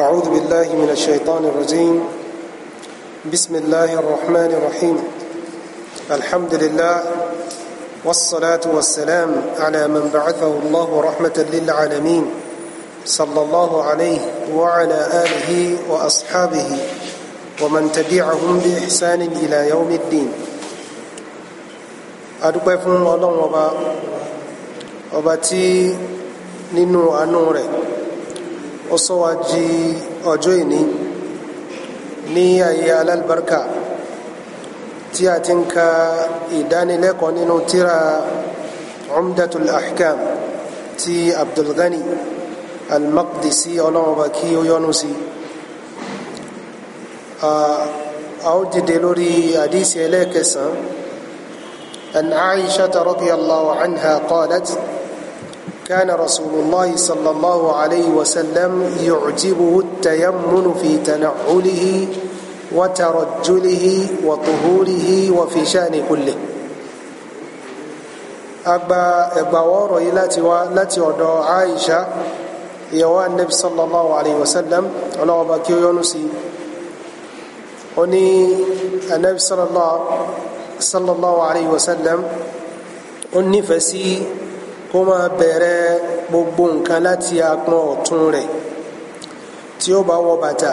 أعوذ بالله من الشيطان الرجيم بسم الله الرحمن الرحيم الحمد لله والصلاة والسلام على من بعثه الله رحمة للعالمين صلى الله عليه وعلى آله وأصحابه ومن تبعهم بإحسان إلى يوم الدين أدوكم الله وبا وباتي ننو أنورك ó sọ wá jí ọjọ́ ìní ní ayé alálùbáríkà tí a ti ń ka ìdánilẹ́kọ̀ọ́ nínú tíra umdatul ahkam ti abdulgani almaqdisi ọlọ́run ọba kí ó yọ́nú sí a ó dìde lórí àdísì ẹlẹ́ẹ̀kẹsàn-án an aisha ta rọ́bì allahu anha qalat. كان رسول الله صلى الله عليه وسلم يعجبه التيمن في تنعله وترجله وطهوره وفي شأن كله أبا أبا وري التي التي عائشة يوا النبي صلى الله عليه وسلم الله بك يونسي أني النبي صلى الله صلى الله عليه وسلم أني فسي kó máa bẹ̀rẹ̀ gbogbo nǹkan láti apọn ọ̀tún rẹ̀ tí ó bá wọ bàtà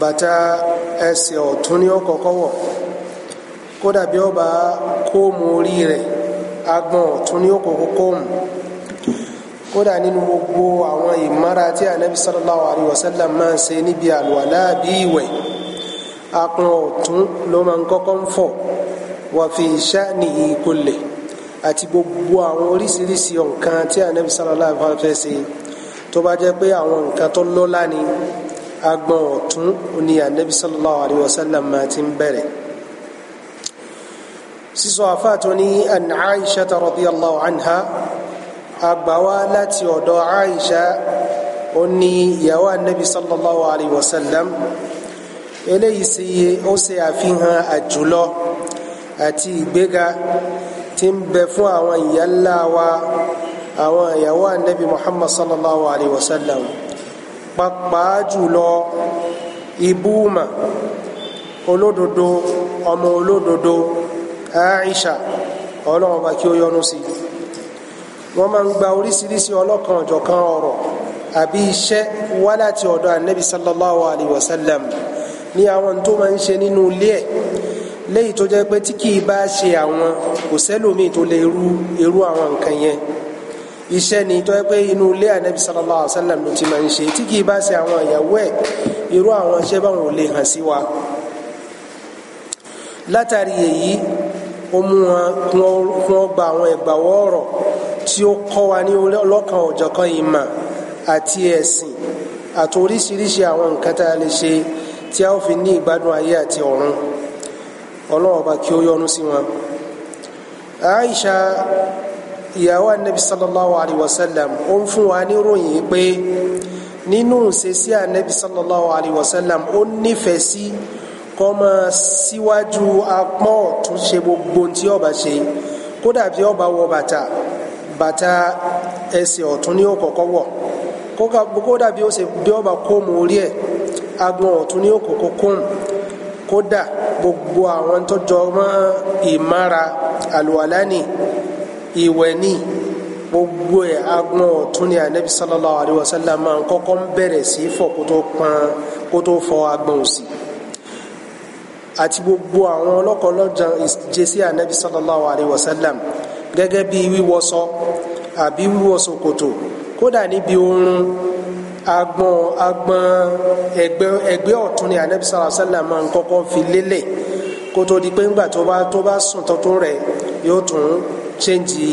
bàtà ẹsẹ̀ ọ̀tún ni ó kọ́kọ́ wọ̀ kódà bí ó bá kóòmù orí rẹ̀ agbọ̀n ọ̀tún ni ó kọ́kọ́ kóòmù kódà nínú gbogbo àwọn ìmára tí anabi sallallahu alayhi wa sallam máa ń ṣe níbi àlùwàlá bí ìwẹ̀ apọn ọ̀tún ló máa ń kọ́kọ́ ń fọ̀ wa fi sha'nihi kulli àti gbogbo àwọn oríṣiríṣi nǹkan tí anabi sallallahu alaihi wasallam fẹ́ ṣe tó bá jẹ́ pé àwọn nǹkan tó lọ́lá ni agbọn ọ̀tún ni anabi sallallahu alaihi wasallam máa ti ń bẹ̀rẹ̀ sísọ àfáàtò ní an Aisha radiyallahu anha agbawa láti ọ̀dọ̀ Aisha ó ní ìyàwó anabi sallallahu alaihi eléyìí sì ó ṣe àfihàn àjùlọ àti ìgbéga tí ń bẹ fún àwọn ìyá ńlá wa àwọn ìyàwó ànábì muhammad sallallahu alayhi wa sallam pàápàá jùlọ ibùmà olódodo ọmọ olódodo aisha ọlọ́run bá kí ó yọ́nú sí wọ́n máa ń gba oríṣiríṣi ọlọ́kan ọ̀jọ̀kan ọ̀rọ̀ àbí iṣẹ́ wá láti ọ̀dọ̀ ànábì sallallahu alayhi wa ní àwọn tó máa ń ṣe nínú ilé ẹ̀ lẹ́yìn tó jẹ́ pé tí kì í bá ṣe àwọn kò sẹ́lòmíì tó lè ru irú àwọn nǹkan yẹn iṣẹ́ ni tó jẹ́ pé inú ilé ànábi sallallahu alaihi wasallam ló ti máa ń ṣe tí kì í bá ṣe àwọn ìyàwó ẹ̀ irú àwọn iṣẹ́ báwọn ò lè hàn sí wa látàrí èyí ó mú wọn wọn gba àwọn ẹgbàwọ ọ̀rọ̀ tí ó kọ́ wa ní ọlọ́kan ọ̀jọ̀kan ìmọ̀ àti ẹ̀sìn àti oríṣiríṣi àwọn nǹkan tá a lè ṣe tí a ó fi ní ìgbádùn ayé àti ọ̀run ọlọ́wọ́ bá kí ó yọ́nú sí wọn. Aisha ìyàwó anabi sallallahu alayhi wa sallam ó ń fún wa ní ròyìn pé nínú ìṣesí anabi sallallahu alayhi wa sallam ó nífẹ̀ẹ́ sí kó máa síwájú apọ́n ọ̀tún ṣe gbogbo tí ó ṣe kódà bí ó wọ bàtà bàtà ẹsẹ̀ ọ̀tún ni ó wọ̀ kódà bí ó kó mu orí ẹ̀ agbọ̀n ọ̀tún ni ó kó kódà gbogbo àwọn tó jọ mọ́ ìmára àlùwàlá ni ìwẹ̀ ni gbogbo ẹ̀ agbọ̀n ọ̀tún ni anabi sallallahu alayhi wa sallam máa ń kọ́kọ́ ń bẹ̀rẹ̀ sí fọ̀ kó tó pọn kó tó fọ̀ òsì àti gbogbo àwọn ọlọ́kọ̀ọ́lọ́jà jésì anabi sallallahu alayhi wa sallam gẹ́gẹ́ bí wíwọṣọ àbí wíwọ ṣòkòtò kódà níbi oorun agbọn agbọn ẹgbẹ́ ẹgbẹ́ ọ̀tún ni anabi sallallahu alaihi wasallam máa ń kọ́kọ́ fi lélẹ̀ kó tó di pé ńgbà tó bá tó bá sùn tuntun rẹ̀ yóò tún ṣéǹjì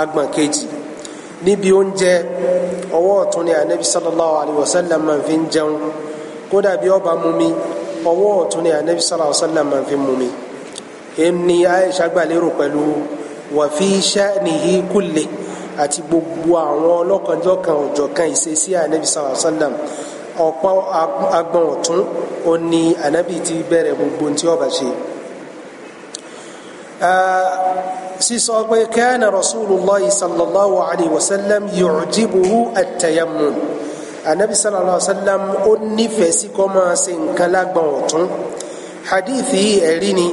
agbọn kejì níbi oúnjẹ ọwọ́ ọ̀tún ni anabi sallallahu alaihi wasallam máa fi ń jẹun kódà bí ó bá mu mi ni anabi sallallahu alaihi wasallam máa fi mu èmi ni aisha gbà lérò pẹ̀lú wa fi sha'nihi àti gbogbo àwọn ọlọ́kanjọ́kan òjọ̀kan ìṣesí ànábì sallallahu alaihi wasallam ọ̀pọ̀ agbọ̀n ọ̀tún ó ní ànábì ti bẹ̀rẹ̀ gbogbo tí ó bá ṣe. Ah, sísọ pé kana rasulullahi sallallahu alaihi wasallam yu'jibuhu at-tayammum ànábì sallallahu alaihi wasallam ó nífẹ̀ẹ́ sí kó máa ṣe nǹkan lágbọ̀n ọ̀tún hadithi ẹ̀rí ni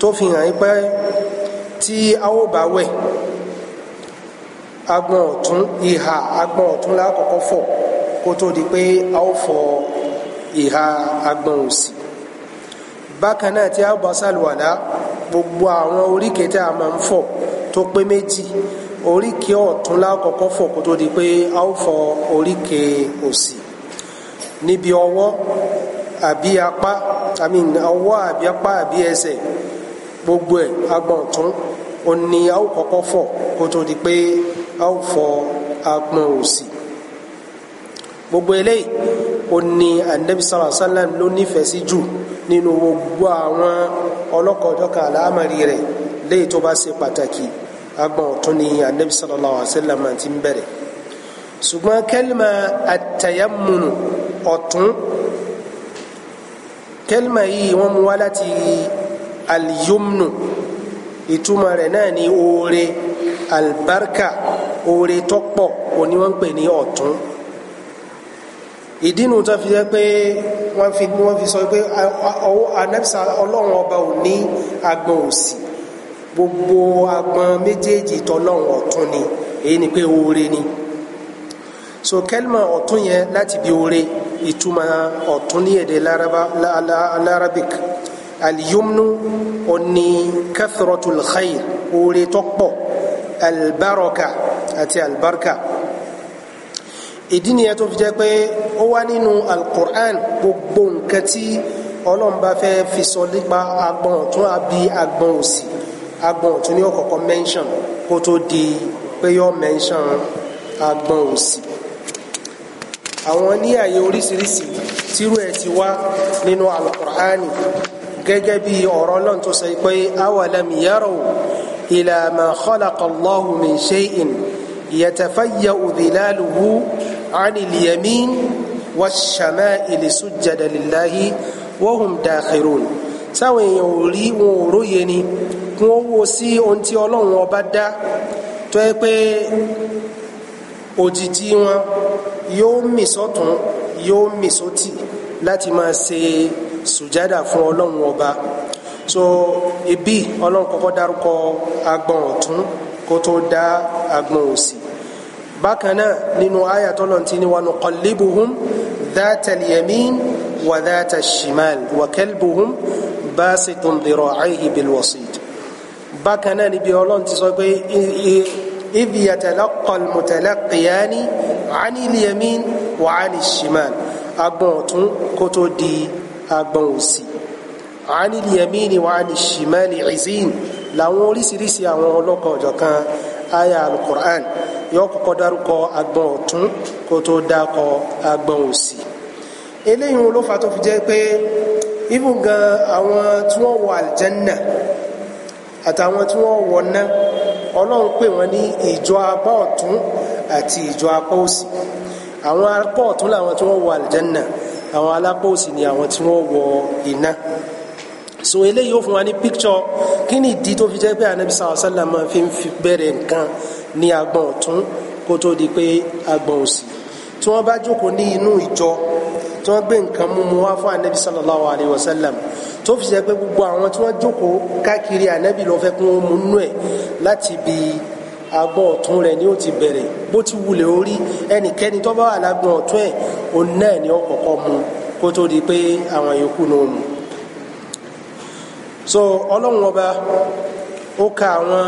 tó fi hàn pé tí a ó bá wẹ̀ agbọ̀n ọ̀tún ìhà agbọ̀n ọ̀tún lákọ̀ọ́kọ́ fọ̀ kó tó di pé a ó fọ ìhà agbọ̀n òsì bákan náà tí a bá sàlùwàlá gbogbo àwọn oríkèé tá a máa ń fọ̀ tó pé méjì oríkèé ọ̀tún lákọ̀ọ́kọ́ fọ̀ kó tó di pé a ó fọ oríkèé òsì níbi ọwọ́ àbí apá àmì ọwọ́ àbí apá àbí ẹsẹ̀ gbogbo ẹ̀ agbọ̀n ọ̀tún òní a ó kọ́kọ́ fọ̀ kó tó di pé a ó fọ apọn òsì gbogbo eléyìí ó ní anabi sallallahu alaihi wasallam ló nífẹ̀ẹ́ sí jù nínú gbogbo àwọn ọlọ́kọ̀ọ́jọ́ka àlámàrí rẹ̀ léyìí tó bá ṣe pàtàkì agbọn ọ̀tún ni anabi sallallahu alaihi wasallam ti ń bẹ̀rẹ̀ ṣùgbọ́n kẹ́lìmà àtẹ̀yẹ́mùnù ọ̀tún kẹ́lìmà yìí wọ́n mú wá láti al-yumnu oore albarka oore tó pọ̀ òní wọ́n ń pè ní ọ̀tún ìdínú tó fi jẹ́ pé wọ́n fi wọ́n fi sọ pé ọwọ́ anẹ́bísà ọlọ́run ọba ò ní agbọn òsì gbogbo agbọn méjèèjì tọlọ́run ọ̀tún ni èyí ni pé oore ni so kẹlma ọ̀tún yẹn láti bi oore ìtumọ̀ ọ̀tún ní èdè larabic aliyumnu oni kathrotul khair oore tó pọ̀ àti albarka ìdí nìyẹn tó fi jẹ́ pé ó wá nínú alukur'an gbogbo nǹkan tí ọlọ́run bá fẹ́ fi sọ nípa agbọ̀n ọ̀tún àbí agbọ̀n òsì agbọ̀n ọ̀tún ní ọ̀kọ̀ọ̀kọ̀ mention kó tó di pé yọ mention agbọ̀n òsì àwọn ní àyè oríṣiríṣi tírú ẹ̀ ti wá nínú alukur'an gẹ́gẹ́ bí ọ̀rọ̀ ọlọ́run tó sọ pé awalam yaraw ila ma khalaqa Allahu min shay'in. يتفيأ ظلاله عن اليمين والشمائل سجدا لله وهم داخرون sáwọn èèyàn ò rí wọn ò róye ni kí wọn wo sí ohun tí Ọlọ́run ọba dá tó yẹ pé òjìji wọn yóò mì sọ́tún yóò mì sótì láti máa ṣe sùjádà fún Ọlọ́run ọba so ibi Ọlọ́run kọ́kọ́ dárúkọ agbọ̀n ọ̀tún kó tó dá agbọ̀n òsì bákan náà nínú àyà tó lọ́n ti ní wa nuqallibuhum dhata al-yamin wa dhata al-shimal wa kalbuhum basitun dhira'ihi bil-wasid bákan náà níbi ọlọ́run ti sọ pé idh yatalaqa al-mutalaqiyani 'ani al-yamin shimal agbọ̀n ọ̀tún kó tó di agbọ̀n òsì 'ani al-yamin shimal 'izin làwọn oríṣiríṣi àwọn ọlọ́kan ọ̀jọ̀kan aya alukur'an yóò kọ́kọ́ dárúkọ agbọn ọ̀tún kó tó dákọ agbọn òsì eléyìí ló fà tó fi jẹ́ pé ibùn gan àwọn tí wọ́n wọ àlìjẹ́nà àtàwọn tí wọ́n wọ ná ọlọ́run pè wọ́n ní ìjọ apá ọ̀tún àti ìjọ apá òsì àwọn apá ọ̀tún làwọn tí wọ́n wọ àlìjẹ́nà àwọn alápá òsì ni àwọn tí wọ́n wọ iná so eléyìí ó fún wa ní picture kí ni ìdí tó fi jẹ́ pé anabi sallallahu alaihi wasallam fi ń fi bẹ̀rẹ̀ nǹkan ní agbọ̀n ọ̀tún kó tó di pé agbọ̀n òsì tí wọ́n bá jókòó ní inú ìjọ tí wọ́n gbé nǹkan mú wá fún anabi sallallahu alaihi wasallam tó fi jẹ́ pé gbogbo àwọn tí wọ́n jókòó káàkiri anabi lọ fẹ́ kún omu nú ẹ̀ láti bi agbọ̀n ọ̀tún rẹ̀ ni ó ti bẹ̀rẹ̀ bó ti wulẹ̀ orí ẹnikẹ́ni tó bá wà lágbọ̀n ọ̀tún ẹ̀ òun náà ni ó kọ́kọ́ mu kó tó di pé àwọn yòókù náà mu so ọlọ́run ọba ó ka àwọn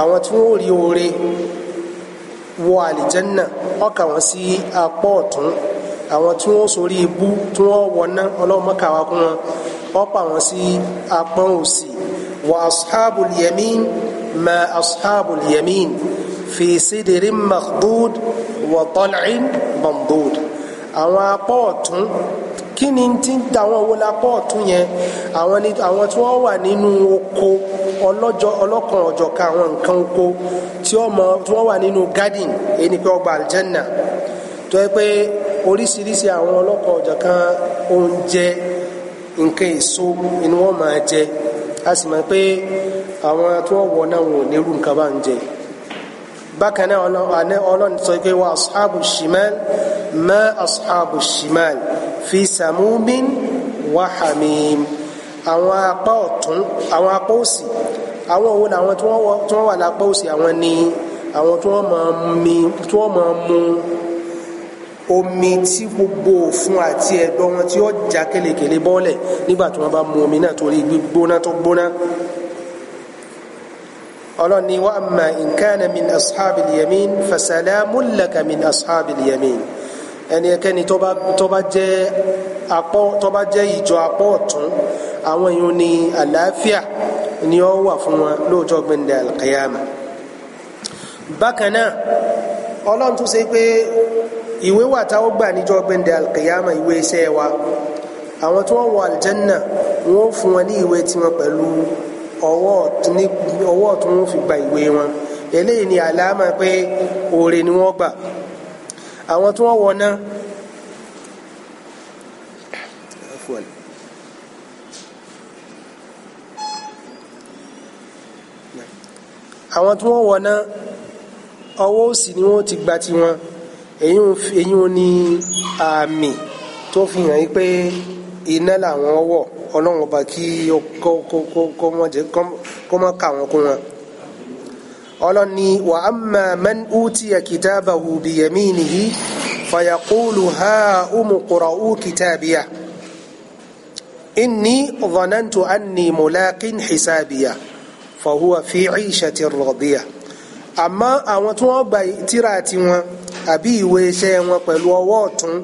àwọn tí wọ́n rí oore wọ àlìjẹ́nà ó kà wọ́n sí apá ọ̀tún àwọn tí wọ́n sórí ibú tí wọ́n wọná ọlọ́run mọ́ka wá kún wọn ó pa sí apá òsì wa ashabul ma ashabul fi sidirin makhdud wa tal'in mamdud àwọn apá ọ̀tún kí ni ti ń ta àwọn wọlé apá ọ̀tún yẹn àwọn ni àwọn tí wọ́n wà nínú oko ọlọ́jọ́ ọlọ́kan ọ̀jọ̀ka àwọn nǹkan oko tí wọ́n wà nínú garden èyí ni pé ọgbà aljanna tó yẹ pé oríṣiríṣi àwọn ọlọ́kan ọ̀jọ̀ka oúnjẹ nǹkan èso ni wọ́n máa jẹ a sì mọ̀ pé àwọn tí wọ́n wọ̀ náà wò nírú nǹkan bá ń jẹ bákan náà ọlọ́run sọ pé wà ashabu shimal ma ashabu shimal fi samumin wahamim àwọn apá ọ̀tún àwọn apá òsì àwọn òun làwọn tí wọ́n wà lápá òsì àwọn ni àwọn tí wọ́n máa mi tí wọ́n máa mu omi tí gbogbo òfun àti ẹ̀dọ̀ wọn tí ó já kélekèle bọ́ọ̀lẹ̀ nígbà tí wọ́n bá mu omi náà torí gbígbóná tó gbóná ọlọ́ni wa amma in kana min ashabil yamin fasalamun laka min ashabil yamin ẹnikẹ́ni tó bá jẹ́ apọ́ tó bá jẹ́ ìjọ apọ́ ọ̀tún àwọn èèyàn ní àlàáfíà ni ó wà fún wọn lóòjọ́ gbẹ̀ndẹ̀ alqiyama bákan náà ọlọ́run tún ṣe pé ìwé wà táwọn gbà níjọ́ gbẹ̀ndẹ̀ alqiyama ìwé iṣẹ́ wa àwọn tí wọ́n wọ aljanna wọ́n fún wọn ní ìwé tiwọn pẹ̀lú ọwọ́ ọ̀tún wọn fi gba ìwé wọn eléyìí ni àlàámà pé oore ni wọ́n gbà àwọn tí wọ́n wọ náà àwọn tí wọ́n wọ náà ọwọ́ òsì ni wọ́n ti gba tiwọn èyí ò ní àmì tó fi hàn yí pé iná làwọn wọ̀ ọlọ́run ọba kí kọ́ mọ̀ kà wọ́n kún wọn ọlọ́ni wà á mà man utiya kitabahu biyaminihi fayaqulu ha umu qura'u kitabiya inni dhanantu anni mulaqin hisabiya fahuwa fi 'ishatin radiyah àmọ́ àwọn tí wọ́n gba tírà tiwọn àbí ìwé iṣẹ́ wọn pẹ̀lú ọwọ́ ọ̀tún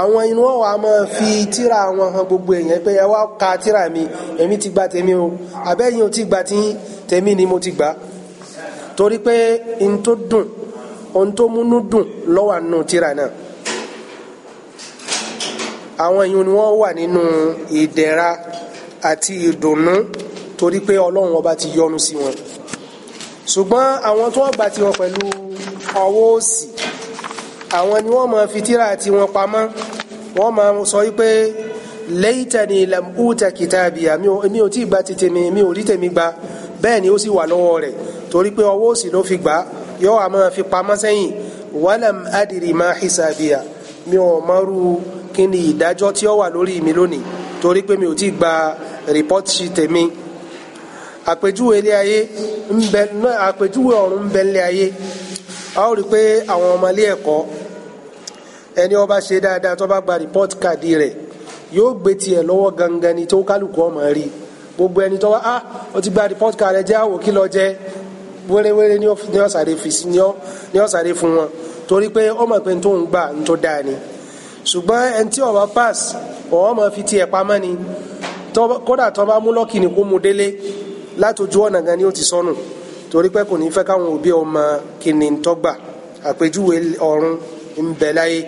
àwọn inú ọ̀wà máa fi tírà wọn hàn gbogbo èèyàn pé ẹ wá ka tírà mi èmi ti gba tèmi o àbẹ́yìn o ti gba tèmi ni mo ti gbà á torí pé n tó dùn ohun tó múnú dùn lọ́wọ́ nù tírà náà àwọn èèyàn ni wọ́n wà nínú ìdẹ̀ra àti ìdùnnú torí pé ọlọ́run ọba ti yọ́nú sí wọn ṣùgbọ́n àwọn tó wọ́n gbà tiwọn pẹ̀lú ọwọ́ òsì àwọn ni wọ́n máa fi tírà tiwọn pamọ́ wọ́n máa sọ wípé laytani lam uta kitabiya mi ò tí ì gba tètè mi mi ò rí tèmi gba bẹ́ẹ̀ ni ó sì wà lọ́wọ́ rẹ̀ torí pé ọwọ́ òsì ló fi gbà yọ àmọ́ fi pamọ́ sẹ́yìn wàlám adìrì má hisabiya mi ò mọ́rú kí ni ìdájọ́ tí ó wà lórí mi lónìí torí pé mi ò tí gba report sheet tèmi àpèjúwe ilé ayé ńbẹ àpèjúwe ọ̀run ńbẹ ilé ayé a ó rí i pé àwọn ọmọ ilé ẹ̀kọ́ ẹni ó ṣe dáadáa tó bá gba report card rẹ̀ yóò gbé tiẹ̀ lọ́wọ́ gangan ni tó kálukú ọmọ rí gbogbo ẹni tó wá ah ó ti gba report card rẹ̀ jẹ́ àwò lọ jẹ́ wéréwéré ní ọ̀sàrè fún wọn torí pé ọmọ pé tó ń gbà tó dáa ni ṣùgbọ́n ẹni tí ọba pass ọwọ́ ma fi tiẹ̀ pamọ́ ni kódà tó bá mú kó délé látòjú ọ̀nà gan ni ó ti sọnù torí pé kò ní fẹ́ káwọn òbí ọmọ tọ́gbà àpèjúwe ọ̀run ń bẹ láyé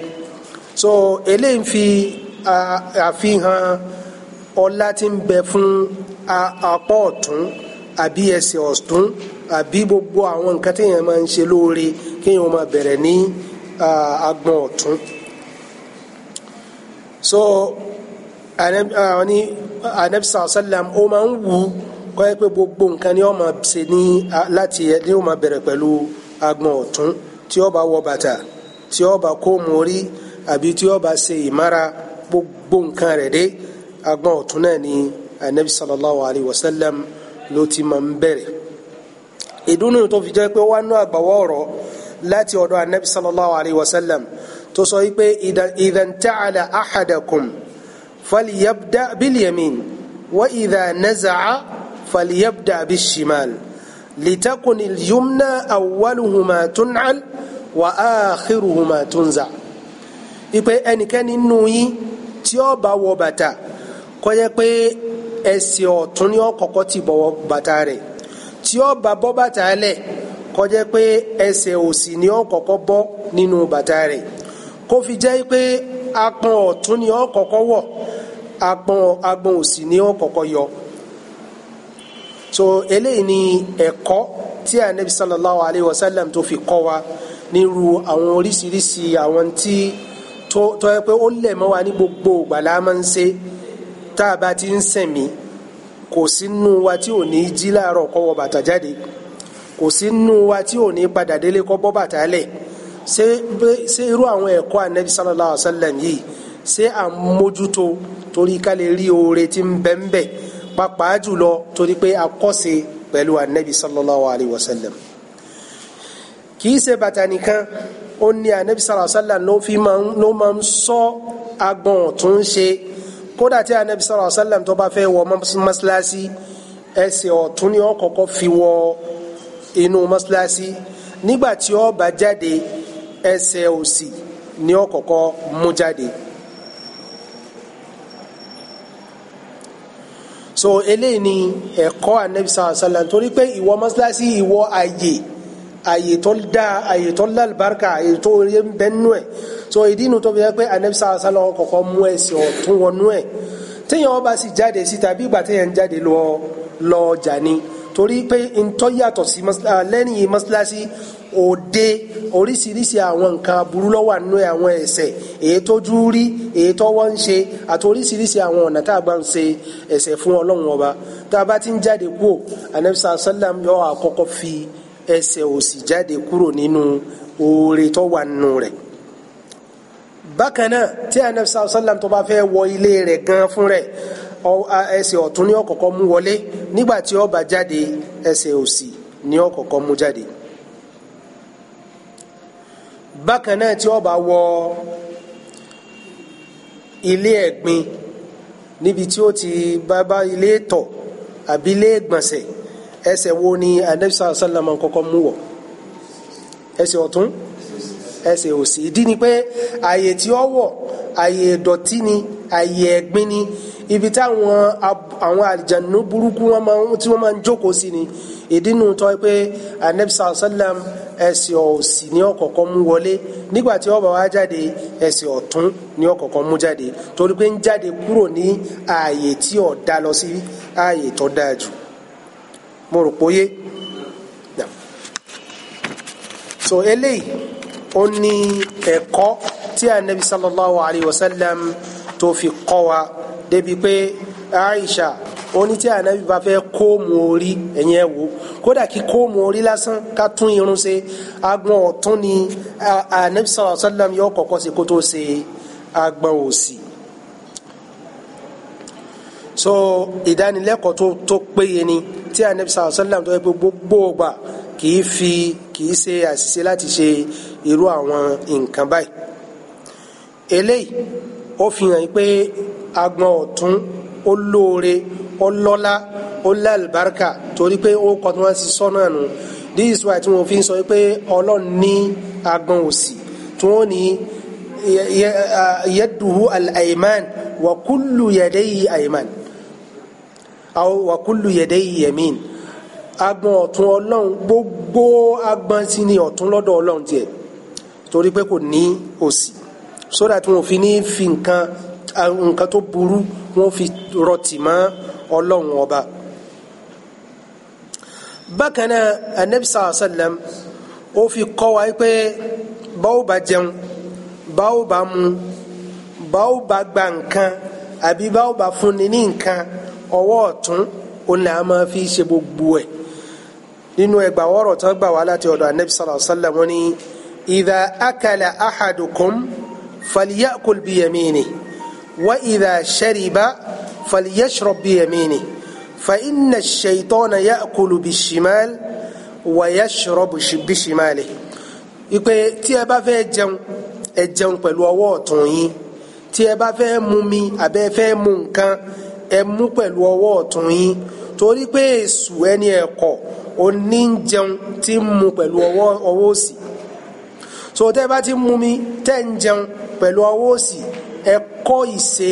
so eléyìí àfihàn ọlá ti àbí gbogbo àwọn nǹkan téèyàn máa ń ṣe lóore kéèyàn máa bẹ̀rẹ̀ ní agbọ̀n ọ̀tún so anabisa salam ó máa ń wù kọ́ ẹ pé gbogbo nǹkan ni ó máa ṣe ní láti ẹ ní ó máa bẹ̀rẹ̀ pẹ̀lú agbọ̀n ọ̀tún tí ó bá wọ bàtà tí ó bá kó mórí àbí tí ó ṣe ìmára gbogbo nǹkan rẹ̀ dé agbọ̀n ọ̀tún náà ni anabi sallallahu alayhi wa sallam ló ti máa ń bẹ̀rẹ̀ ìdúnú tó fi jẹ́ pé wọ́n nú àgbàwọ́ ọ̀rọ̀ láti ọ̀dọ̀ anabi sallallahu alayhi wa sallam tó sọ wípé idhan ta'ala ahadakum falyabda bilyamin wa idha naza'a falyabda bishimal litakun al-yumna awwaluhuma tun'al wa akhiruhuma tunza. ipe ẹnikẹ́ni nù yín tí ó bá wọ bàtà kó pé ẹsẹ̀ ọ̀tún ni ó kọ́kọ́ ti bọ̀wọ̀ bàtà rẹ̀ tí ó bá bọ́ bàtà lẹ̀ kó jẹ́ pé ẹsẹ̀ òsì ni ó kọ́kọ́ bọ́ nínú bàtà rẹ̀ kó fi jẹ́ pé apọn ọ̀tún ni ó kọ́kọ́ wọ̀ apọn agbọn òsì ni ó kọ́kọ́ yọ so eléyìí ni ẹ̀kọ́ tí anabi sallallahu alayhi wa sallam tó fi kọ́ wa nírú àwọn oríṣiríṣi àwọn tí tó yẹ pé ó lẹ̀ mọ́ wa ní gbogbo ìgbà máa ń ṣe tá a bá ti ń sẹ̀mí kò sínú wa tí ò ní jí láàárọ̀ kó wọ bàtà jáde kò sínú wa tí ò ní padà délé kó bàtà lẹ̀ ṣé irú àwọn ẹ̀kọ́ anabi sallallahu alayhi wa sallam yìí ṣé à ń mójútó torí ká lè rí oore tí ń bẹ ń bẹ pàápàá jùlọ torí pé a kọ́ṣe pẹ̀lú anabi sallallahu alayhi wa sallam kìí ṣe bàtà nìkan ó ní anabi sallallahu alayhi wa sallam ló máa ń sọ agbọ̀n tó ń ṣe kódà tí anabi sallallahu alaihi wasallam tó bá fẹ́ wọ mọ́sálásí ẹsẹ̀ ọ̀tún ni ó kọ́kọ́ fi wọ inú mọ́sálásí nígbà tí ó bá jáde ẹsẹ̀ òsì ni ó kọ́kọ́ mú jáde. so eléyìí ni ẹ̀kọ́ anabi sallallahu alaihi wasallam torí pé ìwọ mọ́sálásí ìwọ àyè àyè tó dáa àyè tó lálùbáríkà àyè tó rí bẹ́nu ẹ̀ so ìdí inú tó fi yẹ pé anabi sàlá sàlá kọ̀kọ́ mú ẹsẹ̀ ọ̀tún wọnú ẹ̀ téèyàn ọba sì jáde síta bí ìgbà téèyàn jáde lọ lọ ọjà ni torí pé ntọ́ yàtọ̀ sí lẹ́yìn mọ́sálásí òde oríṣiríṣi àwọn nǹkan aburú ló wà nínú àwọn ẹ̀ṣẹ̀ èyí tó dúró rí èyí tó wọ́n ń ṣe àti oríṣiríṣi àwọn ọ̀nà tá a gbà ń ṣe ẹ̀ṣẹ̀ fún ọlọ́run ọba tá a bá ti ń jáde kúò anabisa sallam yọ àkọ́kọ́ fi ẹsẹ̀ ò sì jáde kúrò nínú oore tó wà nínú rẹ̀ bákan náà tí anabi sàlọ sàlám tó bá fẹ́ wọ ilé rẹ̀ gan fún rẹ̀ ẹsẹ̀ ọ̀tún ni ó kọ́kọ́ mú wọlé nígbà tí ó jáde ẹsẹ̀ òsì ni ó kọ́kọ́ mú jáde bákan náà tí ó wọ ilé ẹ̀gbin níbi tí ó ti bá bá ilé tọ̀ àbí ilé ìgbọ̀nsẹ̀ ẹsẹ̀ wo ni anabi sallallahu alayhi wa sallam kọ́kọ́ mú wọ̀ ẹsẹ̀ ọ̀tún ẹsẹ̀ òsì ìdí ni pé àyè tí ó wọ̀ àyè ìdọ̀tí ni àyè ẹ̀gbin ni ibi táwọn àwọn àlìjànú burúkú wọn máa tí wọn máa ń jókòó sí ni ìdí nu tọ́ pé anabi sallallahu ẹsẹ̀ òsì ni ó kọ́kọ́ mú wọlé nígbà tí ó bá jáde ẹsẹ̀ ọ̀tún ni ó mú jáde torí pé ń jáde kúrò ní ààyè tí ó dá lọ sí ààyè tó dáa jù mo rò póyé so eléyìí ó ní ẹ̀kọ́ tí anabi sallallahu alayhi wa sallam tó fi kọ́ wa débi pé Aisha oní tí anabi bá fẹ́ kóòmù orí ẹ̀yìn ẹ̀ wò kódà kí kóòmù orí lásán ká tún irun ṣe agbọ̀n ọ̀tún ni anabi sallallahu alayhi wa sallam yóò kọ́kọ́ ṣe kó tó ṣe agbọ̀n òsì so ìdánilẹ́kọ̀ọ́ tó tó péye ni tí anabi sallallahu alayhi wa sallam tó yẹ pé gbogbo ọgbà kì í fi kì í ṣe àṣìṣe láti ṣe irú àwọn nǹkan báyìí eléyìí ó fi hàn pé agbọn ọ̀tún ó lóore ó torí pé ó kọ́ tí wọ́n ti sọ náà nù this is why tí fi ń sọ pé ọlọ́run ní agbọn òsì tí wọ́n ní yaduhu al-ayman wa kullu yadayhi ayman àwọn wa kullu yadayhi yamin agbọn ọ̀tún ọlọ́run gbogbo agbọn sí ni ọ̀tún lọ́dọ̀ ọlọ́run tiẹ̀ torí pé kò ní òsì sódà tí wọn fi ní fi nǹkan nǹkan tó burú wọn fi rọtì mọ́ ọlọ́run ọba bákan náà anabi sàlá ó fi kọ́ wa pé báwo bá jẹun báwo bá mu báwo bá gba nǹkan àbí báwo bá fúnni ní nǹkan ọwọ́ ọ̀tún òun là á máa fi ṣe gbogbo ẹ̀ nínú ẹgbà ọ̀rọ̀ tán gbà wá láti ọ̀dọ̀ anabi sallallahu alayhi wa sallam wọ́n ní idha akala ahadukum falyakul biyamini wa idha shariba falyashrab biyamini fa inna ash-shaytana yakulu bishimal wa yashrabu bishimali ìpè tí ẹ bá fẹ́ jẹun ẹ jẹun pẹ̀lú ọwọ́ ọ̀tún yín tí ẹ bá fẹ́ mumi àbẹ́ fẹ́ mu nǹkan ẹ mú pẹ̀lú ọwọ́ ọ̀tún yín torí pé èṣù ẹni ẹ̀kọ́ oní ń ń mu pẹ̀lú ọwọ́ òsì so tẹ́ bá ti mú mi tẹ́ ń jẹun pẹ̀lú ọwọ́ òsì ẹ kọ́ ìṣe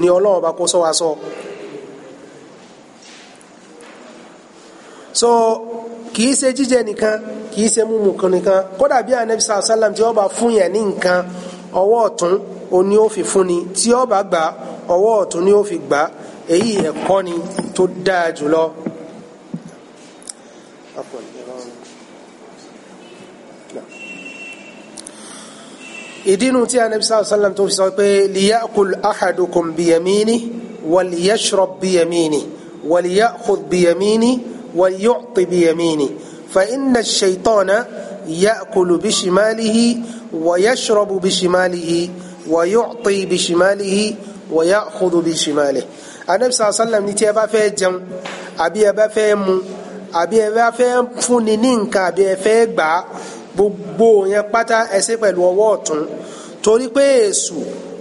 ni ọlọ́run bá kó sọ wa sọ. so kìí ṣe jíjẹ nìkan kìí ṣe mímu kan nìkan kódà bí anabi sàlám sàlám tí ó bá fún yẹn ní nǹkan ọwọ́ ọ̀tún òní ó fi fún ni tí ó gbà ọwọ́ ọ̀tún ni ó fi gbà á èyí ẹ̀kọ́ ni tó dáa jùlọ. ìdínú tí anabi sallallahu alayhi wa tó fi sọ pé liyakul ahadukum biyamini waliyashrob biyamini waliyakhud biyamini waliyucti biyamini fa inna shaytana yakulu bishimalihi wayashrobu bishimalihi wayucti bishimalihi wayakhud bishimalihi. anabi sàlá sàlám ní tí ẹ bá fẹ́ jẹun àbí ẹ bá fẹ́ mu àbí ẹ bá fẹ́ fúnni ní nǹkan àbí ẹ fẹ́ gbà á gbogbo yẹn pátá ẹ ṣe pẹ̀lú ọwọ́ ọ̀tún torí pé èṣù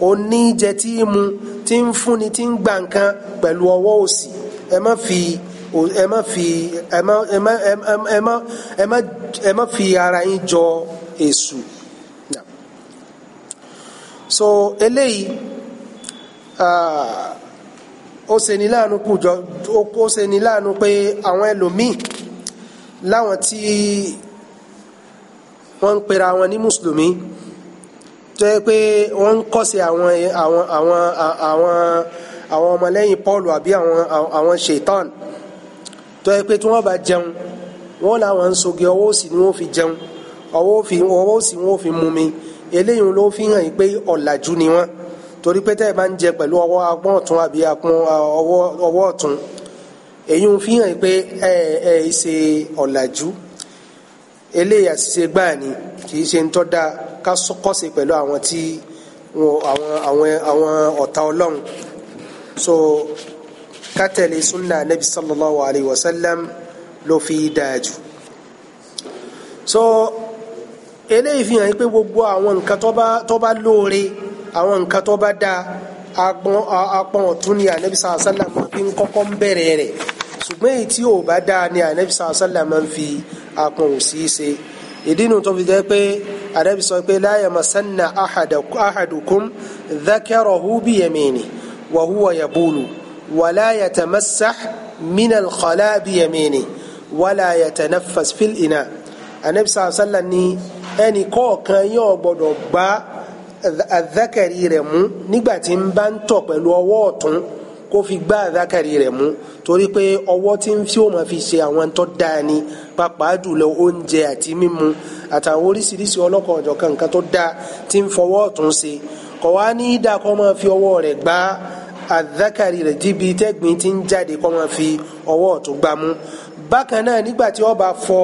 oníjẹ tí ń mu tí ń fúnni tí ń gba nǹkan pẹ̀lú ọwọ́ òsì ẹ má fi ẹ má fi ẹ má ẹ má ẹ má ẹ fi ara yín jọ èṣù. so eléyìí. Ah, ó ṣeni láàánú kùjọ ó ṣeni láàánú pé àwọn ẹlòmíì láwọn tí wọ́n ń pera wọn ní mùsùlùmí tó yẹ pé wọ́n ń kọ́sí àwọn àwọn àwọn àwọn àwọn ọmọlẹ́yìn Paul àbí àwọn àwọn ṣètàn tó yẹ pé tí wọ́n bá jẹun wọ́n làwọn ń soge ọwọ́ òsì ni wọ́n fi jẹun ọwọ́ òsì wọ́n fi mumi eléyìí ló fi hàn yí pé ọ̀làjú ni wọ́n torí pé tẹ́ ẹ bá ń jẹ pẹ̀lú ọwọ́ apọ́n ọ̀tún àbí apọ́n ọwọ́ ọ̀tún èyí ń fi hàn pé ẹ ẹ ṣe ọ̀làjú eléyìí àṣìṣe gbáà ni kì í ṣe ń tọ́ da ká kọ́sí pẹ̀lú àwọn tí àwọn àwọn àwọn ọ̀tá ọlọ́run so ká tẹ̀lé sunna nabi sallallahu alayhi wa sallam ló fi dáa jù so eléyìí fi hàn pé gbogbo àwọn nǹkan tó bá tó bá lóore àwọn nǹkan tó bá dáa apọn ọ̀tún ni ànábì sàásàlà máa fi ń kọ́kọ́ ń bẹ̀rẹ̀ rẹ̀ ṣùgbọ́n èyí tí ò bá dáa ni ànábì sàásàlà máa ń fi apọn òsì ṣe ìdí nu tó fi jẹ́ pé ànábì sọ pé la yamasanna ahadukum dhakarahu biyamini wa huwa yabulu wala yatamassah minal khala biyamini wala yatanaffas fil ina ànábì sàásàlà ni ẹnì kọ̀ọ̀kan yóò gbọ́dọ̀ gbá àdákàrí rẹ̀ mú nígbà tí ń bá ń tọ̀ pẹ̀lú ọwọ́ ọ̀tún kó fi gbá àdákàrí rẹ̀ mú torí pé ọwọ́ tí ń fi ó máa fi ṣe àwọn tó dáa ni pàápàá jùlọ oúnjẹ àti mímu àtàwọn oríṣiríṣi ọlọ́kọ̀ ọ̀jọ̀kan nǹkan tó dáa tí ń fọwọ́ ọ̀tún ṣe kọ̀ wá ní dá kó máa fi ọwọ́ rẹ̀ gbá àdákàrí rẹ̀ jíbi tẹ́gbìn tí ń jáde kó máa fi ọwọ́ ọ̀tún gbámú bákan náà nígbà tí ó fọ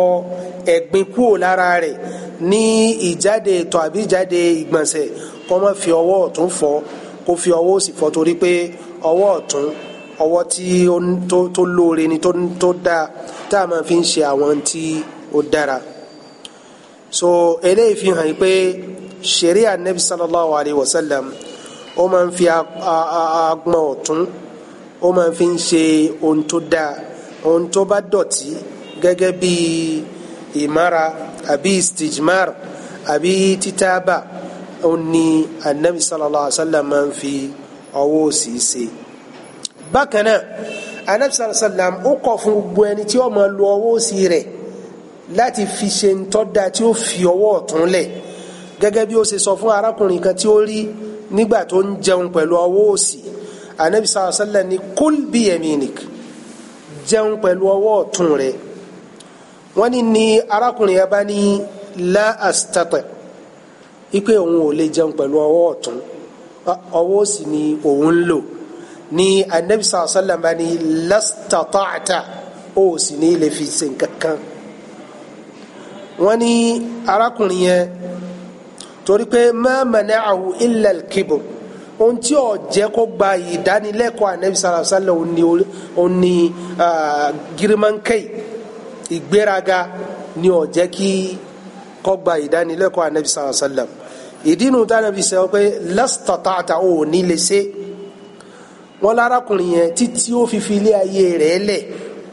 ẹ̀gbin kúrò lára rẹ̀ ní ìjáde ìtọ̀ àbí ìjáde ìgbọ̀nsẹ̀ kó má fi ọwọ́ ọ̀tún fọ kó fi ọwọ́ òsì fọ torí pé ọwọ́ ọ̀tún ọwọ́ tí tó lóore ni tó dáa tá a máa fi ń ṣe àwọn tí ó dára so eléyìí fi hàn pé ṣẹ̀ríà nabi sallallahu alayhi wa sallam ó máa ń fi agbọ̀n ọ̀tún ó máa ń fi ń ṣe ohun tó dáa ohun tó bá dọ̀tí gẹ́gẹ́ bíi ìmára àbí istijmar àbí títàbà ó ní anabi sallallahu alayhi wa sallam máa ń fi ọwọ́ òsì ṣe bákan náà anabi sallallahu alayhi wa sallam ó kọ̀ fún gbogbo ẹni tí ó máa lo ọwọ́ òsì rẹ̀ láti fi ṣe ntọ́da tí ó fi ọwọ́ ọ̀tún lẹ̀ gẹ́gẹ́ bí ó ṣe sọ fún arákùnrin kan tí ó rí nígbà tó ń jẹun pẹ̀lú ọwọ́ òsì anabi sallallahu alayhi wa sallam ní kúl bí jẹun pẹ̀lú ọwọ́ ọ̀tún rẹ̀ wọ́n ní ní arákùnrin yẹn bá ní la astata ipe òun ò lè jẹun pẹ̀lú ọwọ́ ọ̀tún ọwọ́ sì ni òun ń lò ní anabi sàlọ́sàlám bá ní lastatata ó sì ní lè fi ṣe nǹkan kan ní arákùnrin yẹn torí pé ma mana'ahu illa al ohun tí ó jẹ́ kó gba ìdánilẹ́kọ̀ọ́ anabi sàlọ́sàlám ò ní girimankai. Uh, ìgbéraga ni ó jẹ́ kí kọgbà ìdánilẹ́kọ̀ọ́ anabi sallallahu alayhi wa sallam ìdínú tánàbí sọ pé lẹ́sítọ̀tàtà ò ní lè ṣe wọn lárakùnrin yẹn títí ó fi fi ilé ayé rẹ̀ lẹ̀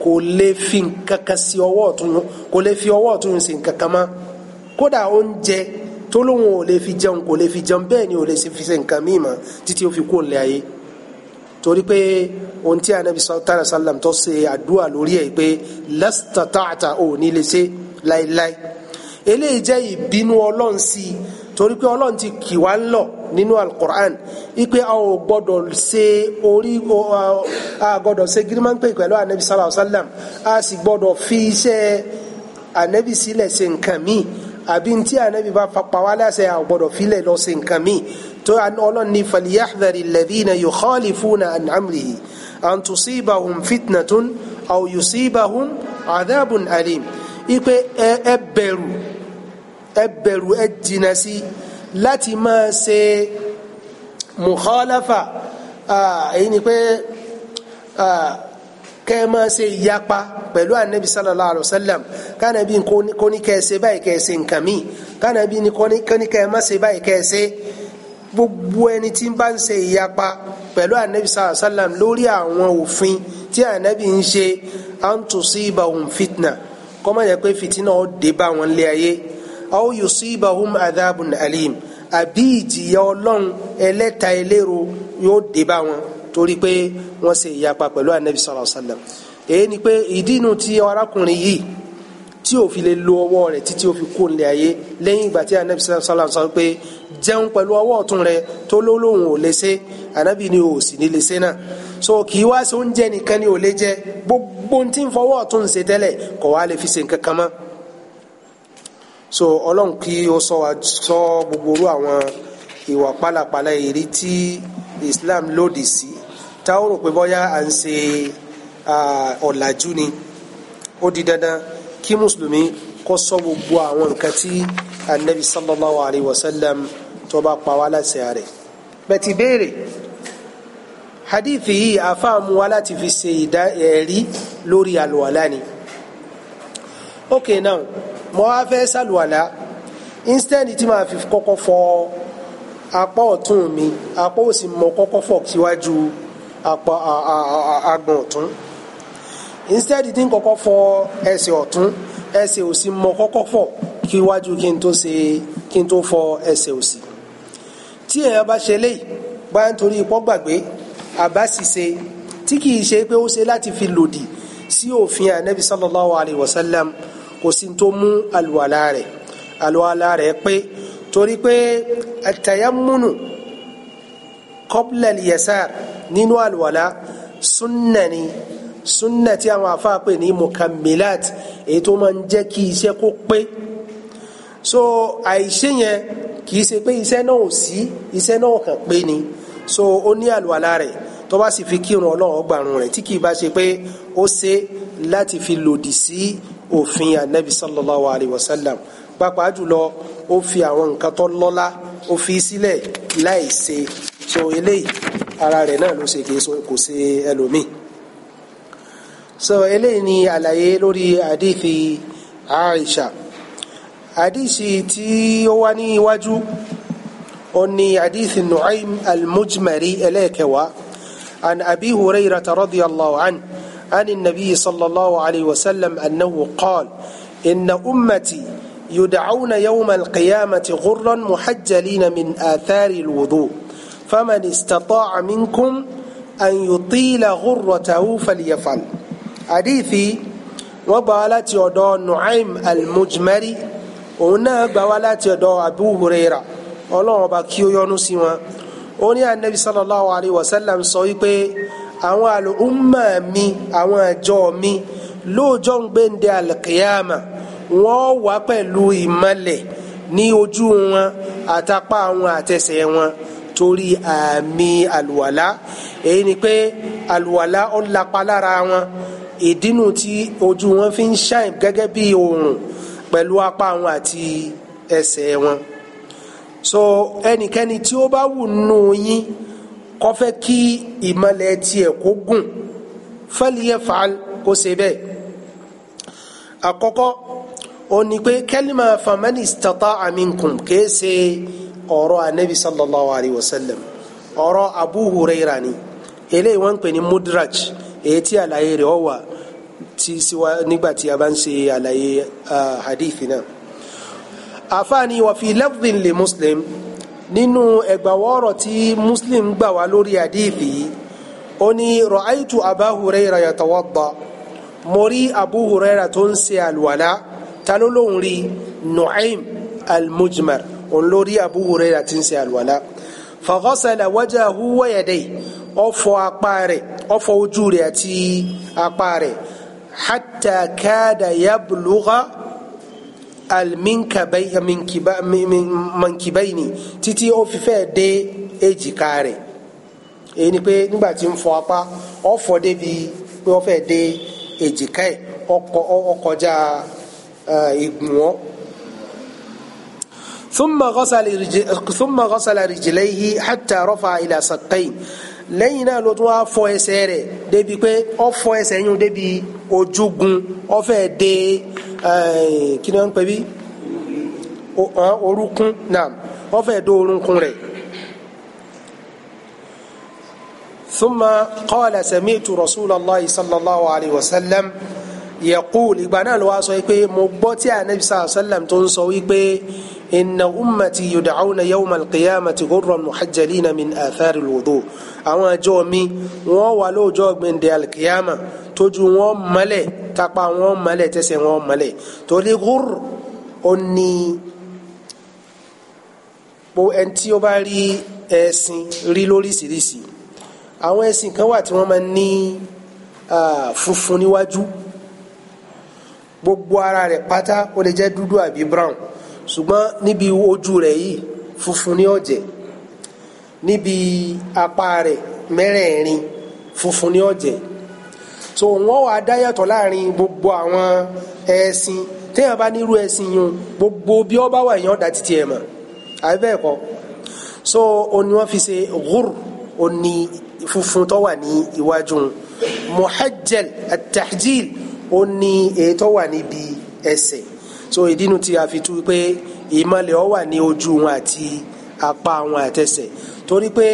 kò lè fi nkankan sí ọwọ́ ọ̀tún kò lè fi ọwọ́ ọ̀tún sí nkankan mọ́ kódà oúnjẹ tó lóun ò lè fi jẹun kò lè fi jẹun bẹ́ẹ̀ ni ò lè fi ṣe nkan míì títí ó fi kó lè ayé torí pé ohun tí anabi sọtara sallam tó ṣe àdúrà lórí ẹ̀ pé lẹ́sítàtàtà ò ní lè ṣe láéláé eléyìí jẹ́ ìbínú ọlọ́run sí i torí pé ọlọ́run ti kì wá ń lọ nínú alukur'an ipe a ò gbọdọ̀ ṣe orí a gbọdọ̀ ṣe gírímánpé pẹ̀lú anabi sallallahu alayhi wa sallam a sì gbọdọ̀ fi iṣẹ́ anabi sílẹ̀ ṣe nǹkan míì àbí ntí anabi bá pa wá a ò gbọdọ̀ filẹ̀ lọ ṣe nǹkan míì tó ọlọ́run ní falyahdhari alladhina yukhalifuna an amrihi an tusibahum fitnatun aw yusibahum adhabun alim ipe ẹ bẹ̀rù ẹ bẹ̀rù ẹ jìnnà sí láti máa ṣe mukhalafa èyí ni pé kẹ́ ẹ máa ṣe ìyapa pẹ̀lú anabi sallallahu alayhi wa sallam kánàbí kò ní kẹ́ ẹ ṣe báyìí kẹ́ ẹ ṣe nǹkan mi kánàbí kò kẹ́ ẹ má ṣe báyìí kẹ́ ẹ ṣe gbogbo ẹni tí ń bá ń ṣe ìyapa pẹ̀lú anabi sallallahu alayhi wa sallam lórí àwọn òfin tí anabi ń ṣe an tusibahum fitna kó pé fitina ó dé bá wọn lé ayé aw yusibahum adhabun alim àbí ìjìyà ọlọ́run ẹlẹ́ta ẹlẹ́ro yóò dé bá wọn torí pé wọ́n ṣe ìyapa pẹ̀lú anabi sallallahu alayhi wa sallam èyí ni pé ìdí inú ti arákùnrin yìí tí o fi le lo ọwọ́ rẹ̀ títí o fi kó nílé ayé lẹ́yìn ìgbà tí anabi sallam sọ pé jẹun pẹ̀lú ọwọ́ ọ̀tún rẹ̀ tó lólóhùn ò lè ṣe anabi ni o sì ní lè ṣe náà so kì í wá ṣe oúnjẹ nìkan ni ò lè jẹ gbogbo ohun tí ń fọwọ́ ọ̀tún ṣe tẹ́lẹ̀ kò wá lè fi ṣe nǹkan kan mọ́ so ọlọ́run kí ó sọ wa sọ gbogbo orú àwọn ìwà pálapàla èrí tí Islam lòdì sí táwọn rò pé bóyá à ń ṣe ọ̀làjú ni ó di dandan kí mùsùlùmí kó ṣọ́ gbogbo àwọn nǹkan tí anabi sallallahu alayhi wa sallam tó bá pa wá láti rẹ̀ bẹ́ẹ̀ ti béèrè hadithi yìí afáàmù wa láti fi ṣe ìdá ẹ̀rí lórí àlùwàlá ni ok now mo wá fẹ́ ṣàlùwàlá instead tí màá fi kọ́kọ́ fọ apá ọ̀tún mi apá òsì mo kọ́kọ́ fọ̀ síwájú apá agbọ̀n ọ̀tún instead tí n kọ́kọ́ fọ ẹsẹ̀ ọ̀tún ẹsẹ̀ òsì mọ kọ́kọ́ fọ kí wájú kí n tó ṣe kí n tó fọ ẹsẹ̀ òsì tí èèyàn bá ṣe léyìí bá ń torí ipò gbàgbé àbá sì ṣe tí kìí ṣe pé ó ṣe láti fi lòdì sí òfin ànábì sallallahu alayhi wa sallam kò sí tó mú àlùwàlá rẹ̀ àlùwàlá rẹ̀ pé torí pé àtàyámúnù kọ́bùlẹ̀lì yẹsà nínú àlùwàlá súnnà ni súnà tí àwọn àfáà pè ní mukamilat èyí tó máa ń jẹ́ kí iṣẹ́ kó pé so àìṣe yẹn kì í ṣe pé iṣẹ́ náà ò sí iṣẹ́ náà kàn pé ni so ó ní àlùwàlá rẹ̀ tó bá sì fi kírun ọlọ́run ọgbàrún rẹ̀ tí kì í bá ṣe pé ó ṣe láti fi lòdì sí òfin anabi sallallahu alayhi wa sallam pàápàá jùlọ ó fi àwọn nǹkan tó lọ́lá ó fi sílẹ̀ láì ṣe so eléyìí ara rẹ̀ náà ló ṣe kì í kò ṣe ẹlòmíì so eléyìí ni àlàyé lórí àdìsí Aisha àdìsí tí ó wá ní iwájú ó ní àdìsí Nu'aym al-Mujmari ẹlẹ́ẹ̀kẹwàá عن أبي هريرة رضي الله عنه عن النبي صلى الله عليه وسلم أنه قال إن أمتي يدعون يوم القيامة غرا محجلين من آثار الوضوء فمن استطاع منكم أن يطيل غرته فليفعل hadithi wọ́n gbà wá láti ọ̀dọ̀ nu'aym al-mujmari òun náà gbà wá láti ọ̀dọ̀ abu huraira ọlọ́run ọba kí ó yọ́nú sí wọn ó ní anabi sallallahu alayhi wa sallam sọ wípé àwọn àlùmọ̀ mi àwọn àjọ mi lóòjọ́ ń gbé ń de alkiyama wọ́n wà pẹ̀lú ìmọ̀lẹ̀ ní ojú wọn àtàpá wọn àtẹsẹ̀ wọn torí àmì àlùwàlá èyí ni pé àlùwàlá ó lapa lára wọn ìdínú tí ojú wọn fi ń ṣàìn gẹ́gẹ́ bí oòrùn pẹ̀lú apá wọn àti ẹsẹ̀ wọn so ẹnikẹ́ni tí ó bá wù nù yín kó fẹ́ kí ìmọ̀lẹ̀ tiẹ̀ kó gùn fẹ́lìyẹ fàál kó ṣe bẹ́ẹ̀ àkọ́kọ́ ó ní pé kẹ́lìmà famani istata'a minkum kìí ṣe ọ̀rọ̀ anabi sallallahu alayhi wa sallam ọ̀rọ̀ abu huraira ni eléyìí wọ́n ń pè ní mudraj èyí tí àlàyé rẹ̀ ó wà tí síwá nígbà tí a bá ń ṣe àlàyé hadithi náà àfààní wà fi lafdhin li muslim nínú ẹgbàwọ́rọ̀ tí muslim gbà wá lórí hadithi yìí ó ní ra'aytu Aba Hurayra yatawadda mo rí Abu Hurayra tó ń ṣe àlùwàlá ta ló lóun rí Nu'aym al òun ló rí Abu Hurayra tí ń ṣe àlùwàlá fa ghasala wajhahu wa apá rẹ̀ ó ojú rẹ̀ àti apá rẹ̀ حتى كاد يبلغ المنكبين منكبين títí ó fi fẹ́ dé èjìká rẹ̀ èyí ni pé nígbà tí ń fọ apá ó fọ débi pé ó fẹ́ dé èjìká ẹ̀ ó kọjá ìgbọ̀n. ثم غسل ثم غسل رجليه حتى رفع إلى ساقيه lẹ́yìn náà ló tún wá fọ ẹsẹ̀ rẹ̀ débi pé ó fọ ẹsẹ̀ yín débi ojúgun ó fẹ́ eh, kí ni wọ́n ń pè bí orúnkún náà ó fẹ́ dé rẹ̀. ثم قال سمعت رسول الله صلى الله عليه وسلم يقول ìgbà náà ló wá sọ pé mo gbọ́ صلى الله عليه وسلم tó ń inna ummati yud'awna yawma al-qiyamati ghurran muhajjalina min athari al-wudu àwọn àjọ mi wọ́n wà lọ́jọ́ gbẹ̀ndẹ̀ al-qiyama tójú wọn mọ́lẹ̀ tápá wọn mọ́lẹ̀ tẹsẹ̀ wọn mọ́lẹ̀ torí ghurr ó ní bó ẹni tí ó bá rí ẹṣin rí lóríṣiríṣi àwọn ẹṣin kan wà tí wọ́n máa ní funfun níwájú gbogbo ara rẹ̀ pátá ó lè jẹ́ dúdú àbí brown ṣùgbọ́n níbi ojú rẹ̀ yìí funfun ní ọ̀jẹ̀ níbi apá rẹ̀ mẹ́rẹ̀ẹ̀rin funfun ní ọ̀jẹ̀ so wọ́n wàá dá yàtọ̀ láàrin gbogbo àwọn ẹṣin téèyàn bá nírú ẹṣin yun gbogbo bí ó wà èèyàn dá títí ẹ̀ mọ̀ àbí bẹ́ẹ̀ kọ́ so òní wọ́n fi ṣe ghur òní funfun tó wà ní iwájú muhajjal at-tahjil èyí tó wà níbi ẹsẹ̀ so ìdínú tí a fi tú pé ìmọ̀lẹ̀ ọ wà ní ojú wọn àti apá wọn àtẹsẹ̀ torí pé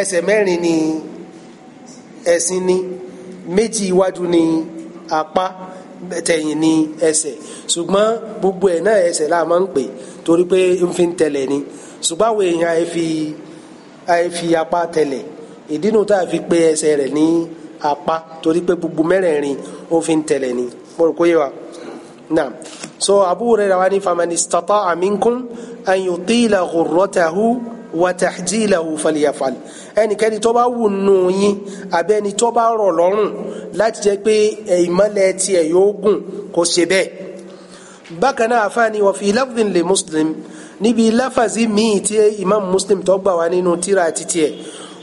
ẹsẹ̀ mẹ́rin ni ẹ̀sìn ni méjì iwájú ni apá tẹ̀yìn ni ẹsẹ̀ ṣùgbọ́n gbogbo ẹ̀ náà ẹsẹ̀ la máa ń pè torí pé ń fi ń tẹ̀lẹ̀ ni ṣùgbọ́n àwọn èèyàn àìfi àìfi apá tẹ̀lẹ̀ ìdínú tá a fi pe ẹsẹ̀ rẹ̀ ní apá torí pé gbogbo mẹ́rẹ̀ẹ̀rin ó fi ń tẹ̀lẹ̀ ni mo rò kó yé wa. نعم سو so, أبو هريرة واني فمن استطاع منكم أن يطيل غرته وتحجيله فليفعل ẹnikẹ́ni tó bá wù nù yín abẹ́ni tó bá rọ̀ lọ́rùn láti jẹ́ pé ìmọ̀lẹ̀ tiẹ̀ yóò gùn kó ṣe bẹ́ẹ̀. bákan náà àfáàní wọ́n fi lafdhin lè muslim níbi láfàzí míì tí imam muslim tó gbà wá nínú tíra àti tiẹ̀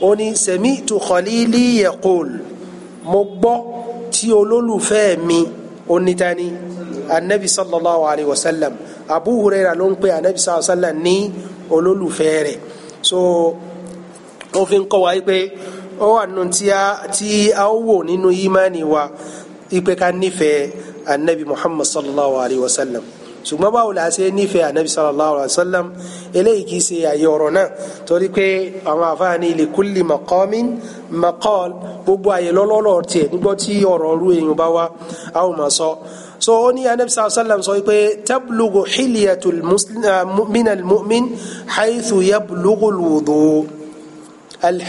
ó ní sami'tu khalili yaqul mo gbọ́ tí olólùfẹ́ mi onítàní anabi sallallahu alayhi wa sallam abu huraira ló ń pè anabi sallallahu alayhi wa sallam ní olólùfẹ́ rẹ̀ so ó fi ń kọ́ wa pé ó wà nù tí a tí a ó wò nínú ìmánì wa ipe ká nífẹ̀ẹ́ anabi muhammad sallallahu alayhi wa sallam ṣùgbọ́n báwo la ṣe nífẹ̀ẹ́ anabi sallallahu alayhi wa sallam eléyìí kì í ṣe àyè ọ̀rọ̀ náà torí pé àwọn àfáàní li kulli maqamin maqal gbogbo àyè lọ́lọ́lọ́ tiẹ̀ nígbà tí ọ̀rọ̀ ọ̀rú èèyàn bá wá a ó sọ. so ó ní anabi sallallahu alayhi wa sallam sọ pé tablugu hilyatul ah, mu'min al-mu'min haythu yablugu al-wudu al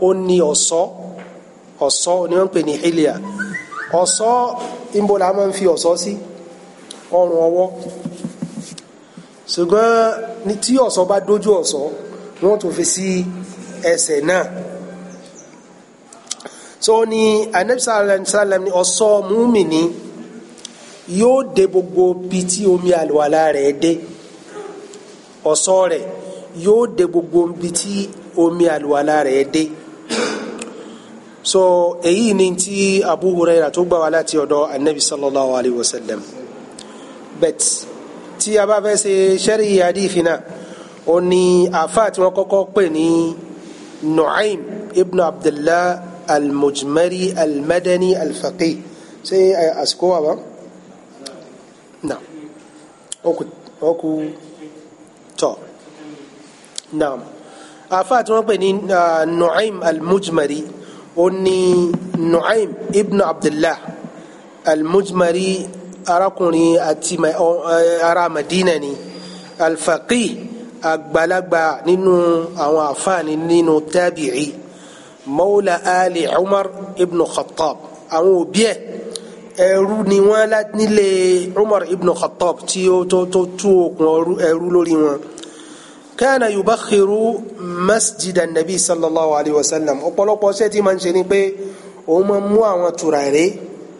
ó ní ọ̀ṣọ́ ọ̀ṣọ́ ni wọ́n pè ní hilya ọ̀ṣọ́ ìbò máa ń fi ọ̀ṣọ́ sí. Si ọrùn ọwọ́ ṣùgbọ́n ní tí ọ̀sọ́ bá dójú ọ̀sọ́ wọ́n tún fi sí ẹsẹ̀ náà so ni anabisa alayisalam ni ọ̀sọ́ múmìnì yóò dé gbogbo bi tí omi àlùwàlá rẹ̀ dé ọ̀sọ́ rẹ̀ yóò dé gbogbo bi tí omi àlùwàlá rẹ̀ dé so èyí ni ti Abu Hurairah tó gbà wá láti ọ̀dọ̀ anabi sallallahu alayhi wa sallam bet tí a bá fẹ́ ṣe sẹ́rí hadithi náà ó ní àfa tí wọ́n kọ́kọ́ pè ní nu'aym ibn abdullah al-mujmari al-madani al-faqih ṣé àsìkò wà bá náà ó kú tọ́ náà àfa tí wọ́n pè ní nu'aym al ó ní nu'aym ibn abdullah al-mujmari arákùnrin àti ará Madina ni alfaqi àgbàlagbà nínú àwọn àfáàní nínú tábìrì mawla ali Umar ibn Khattab àwọn òbí ẹ̀ ẹrú ni wọ́n nílé Umar ibn Khattab tí ó tó tó tú okùn ẹrú lórí wọn kana yubakhiru masjid anabi sallallahu alayhi wa sallam ọ̀pọ̀lọpọ̀ ṣẹ́ tí máa ń ṣe ni pé òun máa mú àwọn tùràrí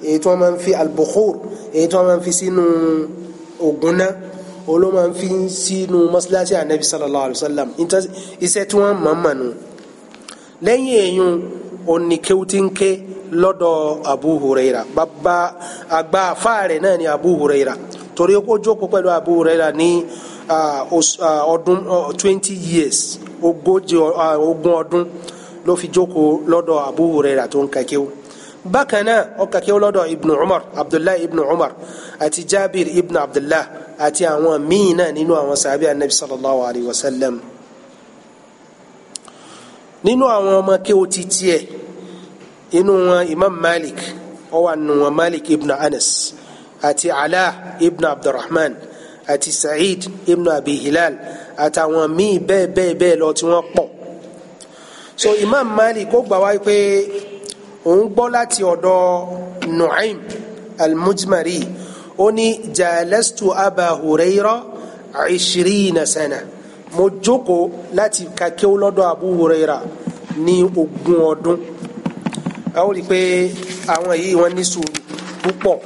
èyí tí wọ́n máa ń fi albukhur èyí tí wọ́n máa ń fi sínú ògùn náà olóò máa ń fi sínú mọ́sálásí ànábi sallallahu alayhi wa sallam iṣẹ́ tí wọ́n máa ń mà nù. lẹ́yìn èyún òní kéwútínké lọ́dọ̀ abu huraira bàbá àgbà afáàrẹ̀ náà ni abu huraira torí ó jókòó pẹ̀lú abu huraira ní ọdún twenty years ogójì ogún ọdún ló fi jókòó lọ́dọ̀ abu huraira tó ń kakéwù bákan náà ó kà kéwú lọ́dọ̀ ibnu umar abdullahi ibnu umar àti jabir ibnu abdullah àti àwọn míì náà nínú àwọn sàbí anabi sallallahu alayhi wa sallam nínú àwọn ọmọ kéwú ti tiẹ̀ inú wọn imam malik ó wà nínú wọn malik ibnu anas àti ala ibnu abdulrahman àti sa'id ibnu abi hilal àtàwọn míì bẹ́ẹ̀ bẹ́ẹ̀ bẹ́ẹ̀ lọ tí wọ́n pọ̀ so imam malik ó gbà wáyé pé òun gbọ́ láti ọ̀dọ̀ Nu'aym al-Mujmari ó ní jalastu Aba Hurayra ishirina sana mo jókòó láti ka kéwú lọ́dọ̀ Abu Hurayra ní ogún ọdún a ó rí i pé àwọn yìí wọ́n ní sùúrù púpọ̀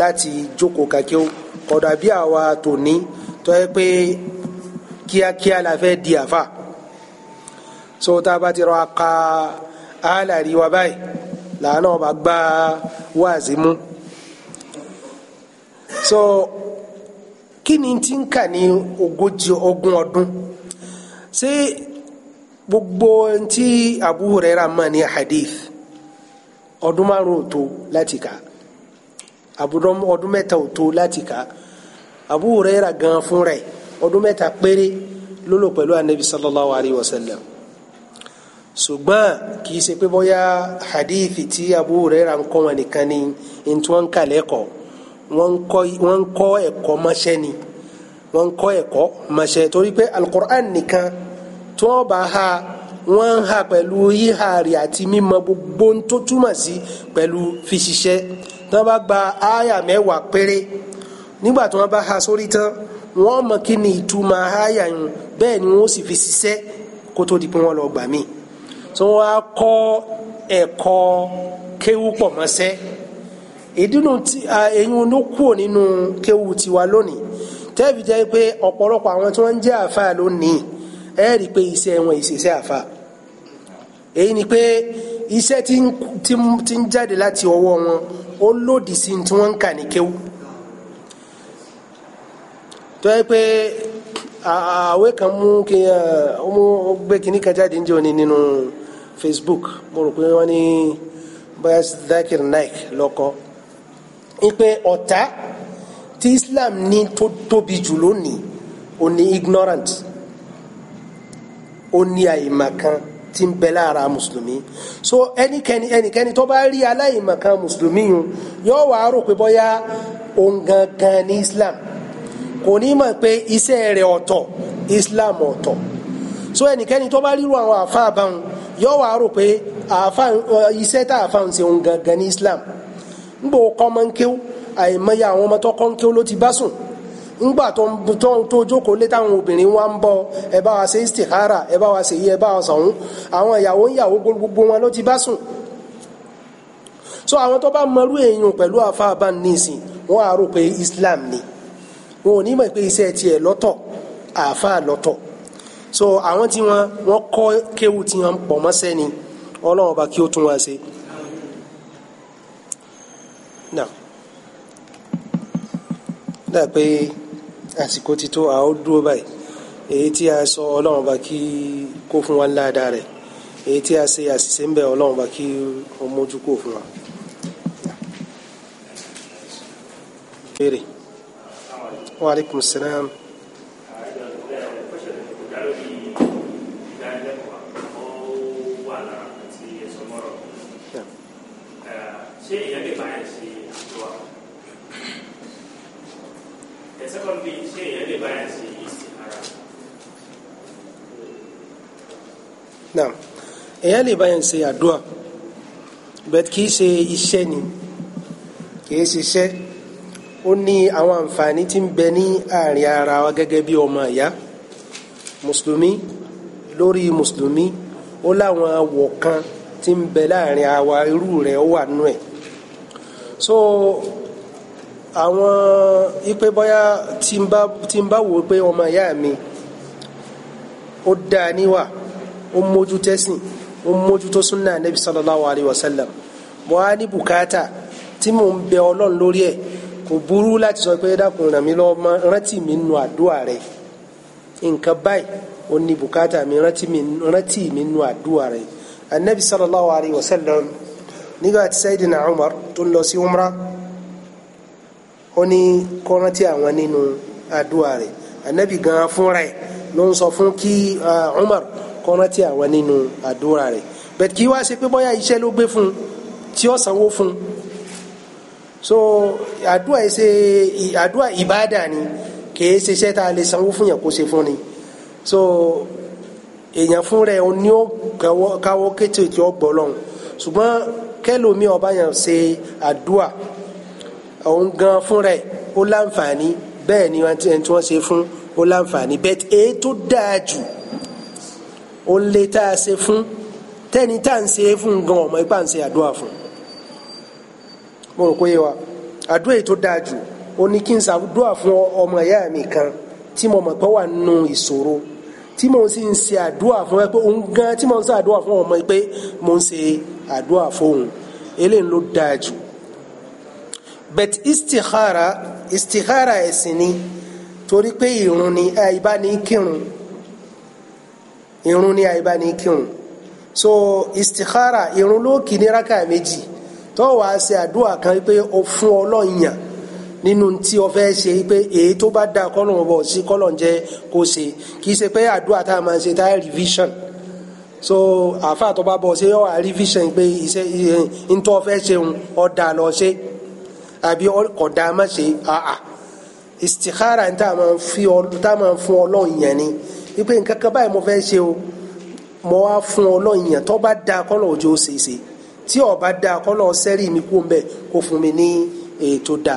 láti jókòó ka kéwú kò àwa tòní tó yẹ pé kíákíá la fẹ́ di àfà so tá a bá ti rọ aka àlàrí wa báyìí làánà ọba gbá wáàzí mú so kí ni ti ń kà ní ogójì ogún ọdún ṣé gbogbo tí Abu Huraira mọ̀ ní hadith ọdún márùn-ún tó láti kà ọdún mẹ́ta ò tó láti kà Abu Huraira gan fúnra ẹ̀ ọdún mẹ́ta péré ló pẹ̀lú anabi sallallahu alayhi wa sallam ṣùgbọ́n kì í ṣe pé bóyá hadithi tí Abu Hurairah ń kọ́ wọn nìkan ni ntí wọ́n ń kà lẹ́kọ̀ọ́ wọ́n ń kọ́ ẹ̀kọ́ mọ́ṣẹ́ ni wọ́n ń kọ́ ẹ̀kọ́ mọ́ṣẹ́ torí pé alukur'an nìkan tí wọ́n bá ha wọ́n ń ha pẹ̀lú yíha rẹ̀ àti mímọ̀ gbogbo tó túmọ̀ sí pẹ̀lú fi ṣiṣẹ́ tí wọ́n bá gba aya mẹ́wàá péré nígbà tí wọ́n bá ha sórí tán wọ́n mọ̀ kí ni ìtumọ̀ aya yẹn bẹ́ẹ̀ ni wọ́n sì fi ṣiṣẹ́ kó tó di pé wọ́n lọ gbà míì tí wọ́n á kọ́ ẹ̀kọ́ kéwú pọ̀ mọ́sẹ́ ìdínú tí ẹ̀yin ló kúrò nínú kéwú tiwa lónìí tẹ́ẹ̀bì jẹ́ pé ọ̀pọ̀lọpọ̀ àwọn tí wọ́n ń jẹ́ àfa lónìí ẹ rí i pé iṣẹ́ wọn ìṣiṣẹ́ àfa èyí ni pé iṣẹ́ tí ń jáde láti ọwọ́ wọn ó lòdì sí tí wọ́n ń kà ní kéwú tó yẹ pé àwé kan mú kí ọmọ gbé kínní kan jáde ń jẹ́ òní nínú. No, facebook mo rò pé wọ́n ní bóyá Zakir Naik lọ́kọ́ ipe ọ̀tá tí Islam ní tó tóbi jù lónìí ó ní ignorant ó ní àìmọ̀kan tí ń bẹ lára mùsùlùmí so ẹnikẹ́ni ẹnikẹ́ni tó bá rí aláìmọ̀kan mùsùlùmí yun yóò wá rò pé bóyá òun gangan ní Islam kò ní mọ̀ pé iṣẹ́ rẹ̀ ọ̀tọ̀ Islam ọ̀tọ̀ so ẹnikẹ́ni tó bá ríru àwọn àfa àbáwọn yóò wá rò pé iṣẹ́ tá a fa ń ṣe gangan ní Islam ń bò kọ́ máa ń kéw àìmọye àwọn ọmọ tó kọ́ ń kéw ló ti bá sùn ńgbà tó ń tó ń tó jókòó lé táwọn obìnrin wa ń bọ ẹ bá wa ṣe istikhara ẹ bá wa ṣe yí ẹ bá wa sọ̀hún àwọn ìyàwó ìyàwó gbogbo wọn ló ti bá sùn so àwọn tó bá mọrú èèyàn pẹ̀lú àfáàbá nísìn wọn á rò pé Islam ni wọn ò ní mọ̀ pé iṣẹ́ tiẹ̀ lọ́tọ̀ àfáà lọ́tọ̀ so àwọn tí wọn wọn kọ́ kéwù tí wọn pọ̀ mọ́sẹ́ ni ọlọ́run ọba kí ó tún wá ṣe. dà pé àsìkò ti tó àwọn dúró báyìí èyí tí a sọ ọlọ́run ọba kí kó fún wa ńláàdá rẹ̀ èyí tí a ṣe àṣìṣe ń bẹ ọlọ́run ọba kí ó mójú kó fún wa. Wa alaikum salaam. ṣé èèyàn lè si ṣe àdúrà the second thing ṣé èèyàn lè báyà ṣe ìsìnkára. naam èèyàn lè ṣe àdúrà but kì í ṣe iṣẹ́ ni kì í ṣiṣẹ́ ó ní àwọn àǹfààní tí ń bẹ ní àárín ara wa gẹ́gẹ́ bí ọmọ ìyá mùsùlùmí lórí mùsùlùmí ó láwọn àwọ̀ kan tí ń bẹ láàrin àwa irú rẹ̀ ó wà nú ẹ̀ e so àwọn ipe bóyá tí n bá tí n bá wò pé ọmọ ìyá mi ó dáa níwà ó mójú tẹ́sìn ó mójú tó súnà nabi sallallahu alayhi wa sallam mo á ní bùkátà tí mò ń bẹ ọlọ́run lórí ẹ̀ kò burú láti sọ pé dákun ràn mí lọ́wọ́ rántí mi nu àdúrà rẹ̀ nǹkan báyìí ó ní bùkátà mi rántí mi nu àdúrà rẹ̀ anabi sallallahu alayhi wa sallam nígbà tí Sayyidina Umar tó lọ sí umra ó ní kó rántí àwọn nínú àdúrà rẹ̀ anabi gan fúnra ẹ̀ ló ń sọ fún kí Umar kó rántí àwọn nínú àdúrà rẹ̀ bẹ́ẹ̀ kí wá ṣe pé bóyá iṣẹ́ ló gbé fún tí ó sanwó fún so àdúrà yìí ṣe àdúrà ìbáàdà ni kìí ṣe iṣẹ́ tá a lè sanwó fún yàn kó ṣe fún ni so èèyàn fún rẹ̀ ó ní ó káwọ́ kété tí ó gbọ́ lọ́hùn ṣùgbọ́n kẹlòmí ọba yẹn ṣe àdúà òun gan fún rẹ̀ ó láǹfààní bẹ́ẹ̀ ni wọn ti ẹni tí wọn ṣe fún ó láǹfààní bẹ́ẹ̀ èyí tó dáa jù ó lé tá a ṣe fún tẹ́ni tá à ń ṣe fún gan ọmọ ipá ń ṣe àdúà fún mo rò pé yé wa àdúà èyí tó dáa jù ó ní kí n ṣàdúà fún ọmọ ìyá mi kan tí mo mọ̀ pé wà nínú ìṣòro tí mo sì ń ṣe àdúà fún ẹ pé òun gan tí mo ń ṣe àdúà fún ọmọ pé mo ń ṣe àdúrà fóun eléyìí ló dáa jù bet istikhara istikhara ẹ̀sìn ni torí pé ìrun ni àìbá ní kírun ìrun ni àìbá ní kírun so istikhara ìrun ló kì ní rákà méjì tó wàá ṣe àdúrà kan pé o fún ọlọ́yàn nínú tí o fẹ́ ṣe pé èyí tó bá da kọ́lọ̀ bọ̀ sí kọ́lọ̀ jẹ́ kó ṣe kì í ṣe pé àdúrà tá a máa ṣe tá a revision so àfa àtọ́ba bọ̀ ṣé ọ àrí vision pé iṣẹ́ ntọ́ fẹ́ ṣeun ọ̀dà lọ ṣe àbí ọ̀dà má ṣe àà istikhara tá a máa fi ọ máa fún ọlọ́run yẹn ni wípé nǹkan kan báyìí mo fẹ́ ṣe o mo wá fún ọlọ́run yẹn tó bá da kọ́lọ̀ òjò ṣèṣe tí ó bá da kọ́lọ̀ sẹ́rì mi kú mbẹ́ kó fún mi ní ètò da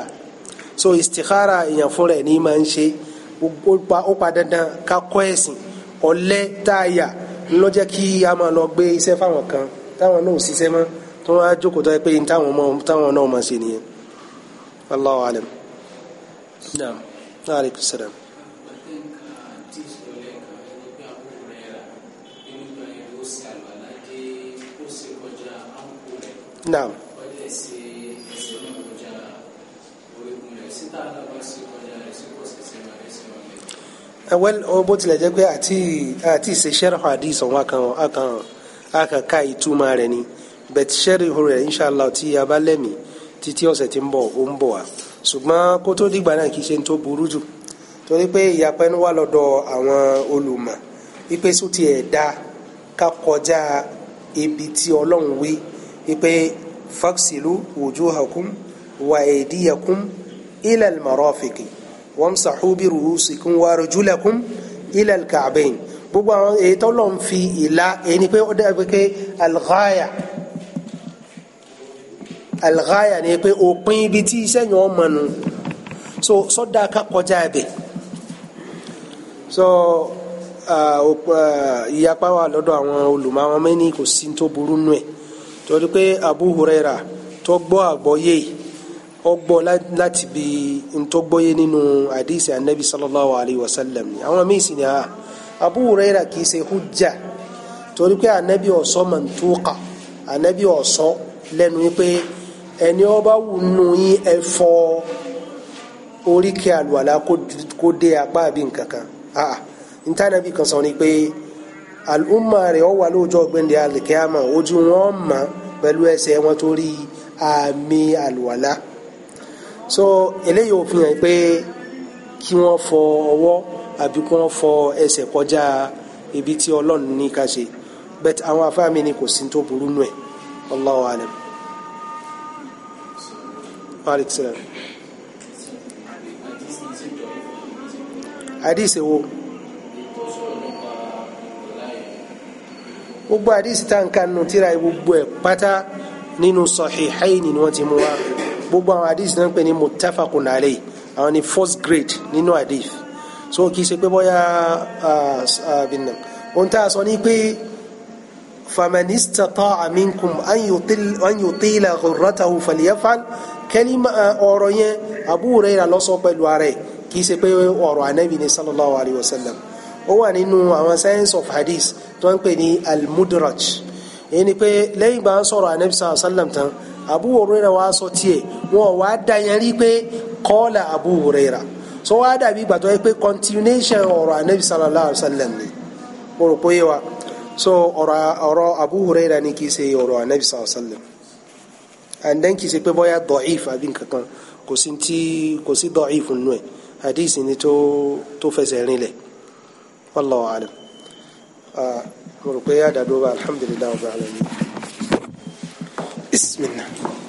so istikhara èèyàn fún rẹ̀ ní máa ń ṣe ó pa dandan ká ẹ̀sìn ọ̀lẹ́ tá ló jẹ́ kí a máa lọ gbé iṣẹ́ fáwọn kan táwọn náà ò ṣiṣẹ́ mọ́ tó wọ́n jókòó tó yẹ pé táwọn náà mọ̀ ṣe nìyẹn Allahu alam naam aleykum salaam. Naam. well bó tilẹ̀ jẹ́ pé àti àti ṣe sharh hadith ọ̀hún akàn akàn akàn ká ìtumọ̀ rẹ̀ ni but sharh rẹ̀ inshallah tí a bá lẹ́mì títí ọ̀sẹ̀ tí ń bọ̀ ó ń bọ̀ wá ṣùgbọ́n kó tó dìgbà náà kì í ṣe tó burú jù torí pé ìyapẹ́ wà lọ́dọ̀ àwọn olùmọ̀ wípé sùn ti ẹ̀ dá ká kọjá ibi tí ọlọ́run wí wípé faksilu wujuhakum wa aydiyakum ila al-marafiqi wamsahu bi ru'usikum wa arjulakum ila al-ka'bayn gbogbo àwọn èyí tó lọ́n fi ìlà èyí ni pé ó dàbí pé al-ghaya al-ghaya ni pé òpin ibi tí iṣẹ́ yẹn ọmọ nù so sọ́dà ká kọjá ibẹ̀ so ìyapa wà lọ́dọ̀ àwọn olùmọ̀ àwọn kò sí tó burú nù ẹ̀ torí pé Abu Huraira tó gbọ́ àgbọ́yé yìí ọgbọ́ láti bi ntọ́gbọ́yé nínú àdìsí anabi sallallahu alayhi wa sallam ni àwọn míì sì ni ha ah, Abu Huraira kì í ṣe hujja torí pé anabi ọ̀sọ́ mantuqa anabi ọ̀sọ́ lẹ́nu pé ẹni ọba wù nù yín ẹ fọ́ oríkè àlùwàlà kó dé apá àbí nkankan ah ntànàbí kan sọ ni pé alùmọ̀ rẹ̀ ọ wà lóòjọ́ gbẹ̀ndẹ̀ alìkẹ́yàmọ̀ ojú wọn mọ̀ pẹ̀lú ẹsẹ̀ wọn torí àmì àlùwàlà so eléyìí òfin hàn pé kí wọ́n fọ ọwọ́ àbí kí wọ́n fọ ẹsẹ̀ kọjá ibi tí ọlọ́run ní ká ṣe bẹ́ẹ̀ àwọn afáàmì ni kò sí tó burú nù ẹ̀ Allahu alam. Aleykum wo gbogbo hadith tá n kanu tíra gbogbo ẹ̀ pátá nínú Sahihaini ni wọ́n ti mú wá gbogbo àwọn hadith náà ń pè ní muttafaqun alayhi àwọn ni first grade nínú hadith so kì í ṣe pé bóyá bìnnà ohun tá a sọ ni pé faman istata'a minkum an yutila ghurratahu falyaf'al yẹn Abu Hurairah ló sọ ara ẹ̀ kì í ṣe pé ọ̀rọ̀ anabi ni sallallahu alayhi wa sallam ó wà nínú àwọn science of hadith tó ń pè ní almudraj èyí ni pé lẹ́yìn gbà ń sọ̀rọ̀ anabi sallallahu alayhi wa sallam tán Abu Huraira wá sọ tiẹ̀ wọn wá dayanrí pé kọ́ọ̀là Abu Huraira so wá dàbí gbàtọ́ yẹ pé continuation ọ̀rọ̀ anabi sallallahu alayhi wa sallam ni mo rò pé wa so ọ̀rọ̀ ọ̀rọ̀ Abu Huraira ni kì í ṣe ọ̀rọ̀ anabi sallallahu alayhi wa sallam and then kì í ṣe pé bóyá da'if àbí nkankan kò sí ti kò sí da'if nù ẹ̀ hadith ni tó tó fẹsẹ̀ rinlẹ̀ wallahu alam ah, mo rò pé yá wa alhamdulilayi wa bàálẹ̀ بسم الله